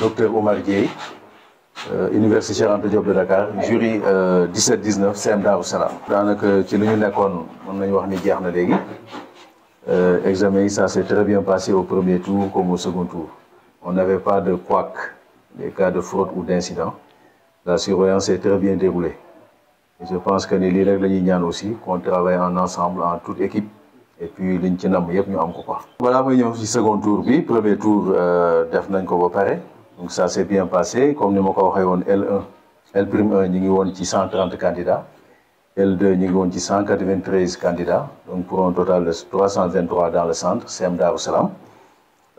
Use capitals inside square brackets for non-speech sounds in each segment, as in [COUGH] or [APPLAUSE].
docteur Omar Dieye euh, université Cheikh Anta Diop de Dakar jury 17 19 CEM Darou Salam daanaka ci li ñu nekkoon mën nañu wax ni jeex na léegi euh, examen yi ça s'est très bien passé au premier tour comme au second tour on n'avait pas de couac des cas de fraude ou d'incident la surveillance s'est très bien déroulée et je pense que ni lii rek la ñuy ñaan aussi qu'on travaille en ensemble en toute équipe et puis liñ ci nam yëpp ñu am ko ko balaa mooy ñëw ci second bi premier tour euh, def nañ ko ba pare. donc ça s'est bien passé comme ni ma ko waxee woon L1 L prime 1 ñi ngi woon ci cent trente candidats L2 ñi ngi woon ci cent quatre vingt treize candidats donc pour un total de trois cent vingt trois dans le centre CEM Darou Salam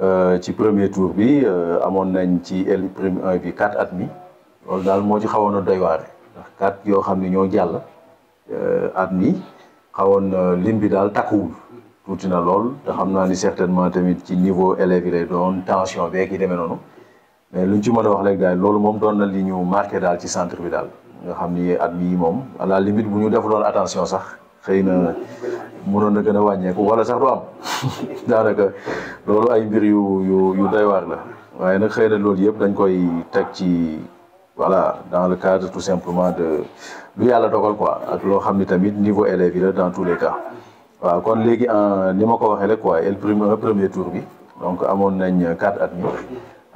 euh, ci premier tour bi euh, amoon nañ ci L prime 1 bi quatre admis loolu daal moo ci xawoon a doy waare yoo xam ne ñoo jàll euh, admis xawoon lim bi daal takkuwul tuuti na lool te xam naa ni certainement tamit ci niveau élèves yi lay doon tension demee noonu. mais luñ ci mën a wax rek daal loolu moom doon na li ñu marqué daal ci centre bi daal nga xam ni at mii moom à la bu ñu def defuloon attention sax xëy na mënoon na gën a wàññeeku wala sax du am [LAUGHS] daanaka loolu ay mbir yu yu yu doy la waaye nag xëy na loolu yëpp dañ koy teg ci wala dans le cadre tout simplement de lu yàlla dogal ko ak loo xam ni tamit niveau élèves yi la dans tous les cas waaw kon léegi ni ma ko waxee rek quoi el premier premier tour bi donc amoon nañ quatre admis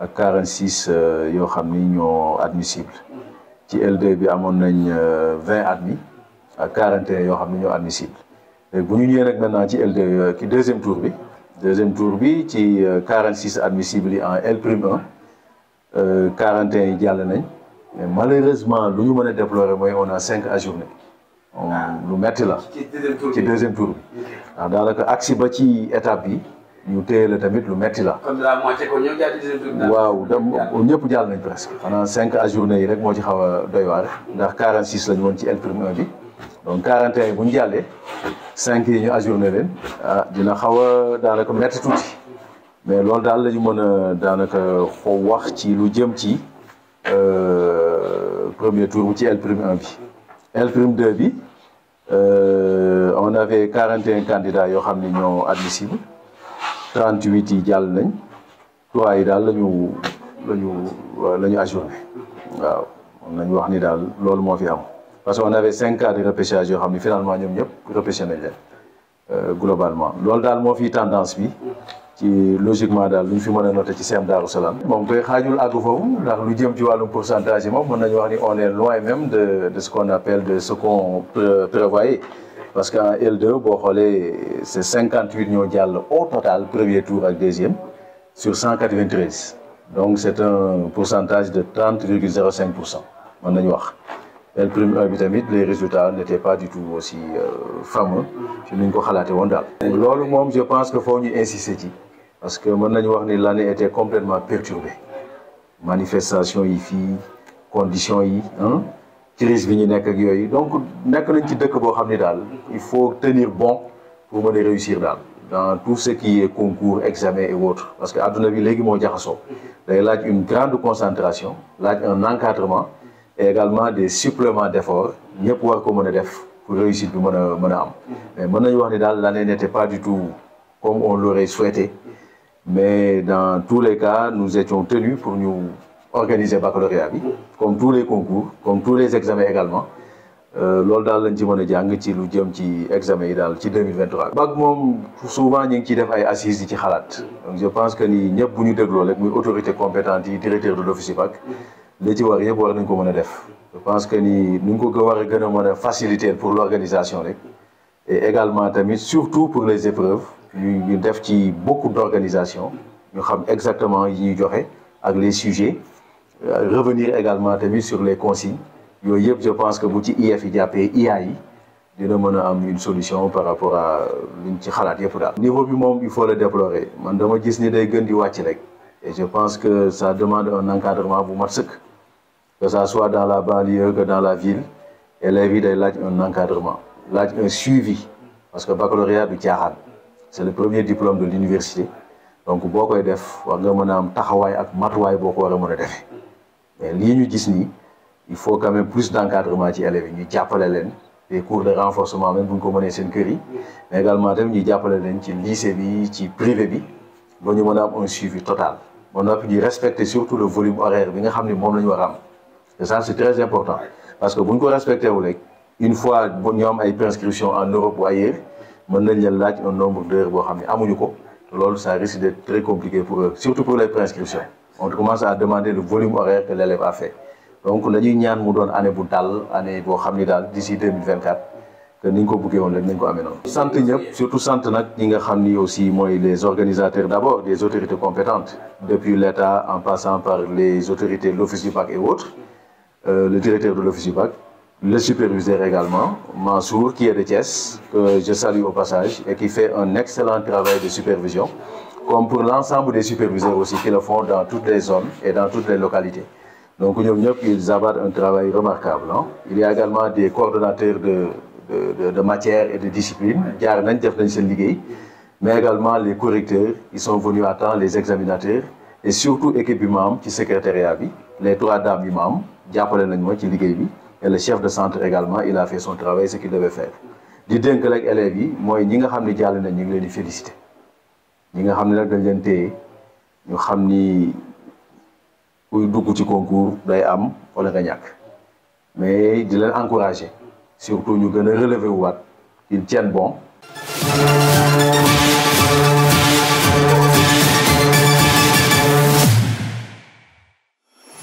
ak 46 euh, yoo xam ni ñoo admissible ci l bi amoon nañ 20 euh, admis ak 41 yoo xam ni ñoo admissible léegi bu ñu ñëwee nag maintenant ci L2 euh, ci deuxième tour bi deuxième tour bi ci 46 admissibles yi en L prime 1 41 yi jàll nañ mais malheureusement lu ñu mën a déplorer mooy cinq a 5 ajournés ah. lu metti la ci deuxième tour bi ndax ah, daanaka ba ci étape bi ñu téye la tamit lu metti la. comme la moitié waaw ñëpp jàll nañ presque. xanaa cinq ajournés yi rek moo ci xaw a doy ndax ndax 46 lañ woon ci L prime 1 bi. donc 41 yi bu ñu jàllee. cinq yi ñu ajourné leen. ah dina xaw a daanaka metti tuuti. mais loolu daal lañu ñu mën a daanaka xaw wax ci lu jëm ci euh, premier tour bu ci L prime 1 bi. L prime 2 bi euh, on avait 41 candidats yoo xam ni ñoo admissible. 38 yi jàll nañ loi yi daal lañu lañu la ñu ajourné waaw mën nañu wax ni daal loolu moo fi am parce que on avait cinq cas de repêchage yoo xam ne finalement ñoom ñëpp repêché nañ leen euh, globalement loolu daal moo fi tendance bi ci logiquement daal lu ñu fi mën a noté ci CEM Darou Salam moom koy xaajul àgg foofu ndax lu jëm ci wàllum pourcentage yi moom mën nañu wax ni on est loin même de de ce qu'on appelle de ce qu'on prévoyait parce que en l boo xoolee c' est 58 ñoo jàll au total premier tour ak deuxième sur 193 donc c' est un pourcentage de 30 virgule cinq pour cent mën nañu wax. L prime 1 bi tamit les résultats n' étaient pas du tout aussi euh, fameux ci ni ñu ko xalaate woon daal. loolu moom je pense que foo ñu insister ci parce que mën nañu wax ni l' année était complètement perturbée manifestation yi fii conditions yi ah. crise bi ñu nekk ak yooyu donc nekk nañ ci dëkk boo xam ni daal il faut tenir bon pour mën réussir daal dans tout ce qui est concours examen et autres parce que àdduna bi léegi moo jaxasoo day laaj une grande concentration laaj un encadrement également des suppléments d'efforts ñëpp war ko mën a def pour réussite bi mën a mën a am mais mën nañu wax ni daal l'année n'était pas du tout comme on l'aurait souhaité mais dans tous les cas nous étions tenus pour ñu organiser baccalauréat bi comme tous les concours comme les examens également euh, loolu daal lañ ci mën a jàng ci lu jëm ci examen yi daal ci 2023 bac moom souvent ñu ngi ciy def ay assises yi ci xalaat donc pense que nii ñëpp bu ñu dégloo rek muy autorité compétente yi directeur de l'office bac li ci war yëpp war nañ ko mën a def je pense que nii nu ko war a gën a mën a faciliter pour l'organisation rek et également tamit surtout pour les épreuves ñu ñu def ci beaucoup d'organisation ñu xam exactement yi joxe ak les sujets Euh, revenir également tamit sur les consignes yooyu yëpp je pense que bu ci IEF yi jàppee IA yi dina mën a am une solution par rapport à luñ ci xalaat yëpp daal. niveau bi moom il faut le déplorer man dama gis ni day gën di wàcc rek et je pense que sa demande un encadrement bu mat sëkk que ça soit dans la banlieue que dans la ville élèves yi day laaj un encadrement laaj un suivi parce que baccalauréat du caaxaan c'est le premier diplome de l'université donc boo koy def war nga mën a am taxawaay ak matuwaay boo ko war a mën a defee. mais lii ñu gis nii il faut quand même plus d' encadrement ci élèves yi ñu jàppale leen des cours de renforcement même bu ñu ko mënee seen kër yi mais également tamit ñu jàppale leen ci lycée bi ci privé bi ba ñu mën a am un suivi total ba noppi di respecter surtout le volume horaire bi nga xam ne moom lañu ñu war a am très important parce que bu ñu ko respecté wu rek une fois ñu am ay prescription en Europe ou ailleurs mën nañ leen laaj un nombre d' heures boo xam ne amuñu ko loolu ça d' être très compliqué pour les prescriptions on commence à demander le volume horaire que l'élève a fait donc dañuy ñaan mu doon année bu dal année boo xam ni daal d'ici 2024 que ni ñu ko bëggee woon rek ni ñu ko amee sant ñëpp surtout sant nag ñi nga xam ni aussi mooy les organisateurs d'abord des autorités compétentes depuis l'État en passant par les autorités de l'Office du Bac et autres euh, le directeur de l'Office du Bac le superviseur également Mansour qui est de Thiès que je salue au passage et qui fait un excellent travail de supervision comme pour l'ensemble de superviseurs aussi qui le font dans toutes les zones et dans toutes les localités. Donc ñoom ñëpp ils abattent un travail remarquable il y a également des coordonnateurs de de de, matière et de discipline jaar nañ def nañ seen liggéey mais également les correcteurs ils sont venus à temps les examinateurs et surtout équipe bi ma am ci secrétariat bi les trois dames yi ma am jàppale nañ mooy ci liggéey bi et le chef de centre également il a fait son travail rek élèves yi mooy ñi nga xam ne jàll nañ ñu ngi leen di féliciter. ñi nga xam ne nag dañ leen téye ñu xam ni kuy dugg ci concours day am wala nga ñàkk mais di la encourager surtout ñu gën a relever waat qu'ils tiennent bon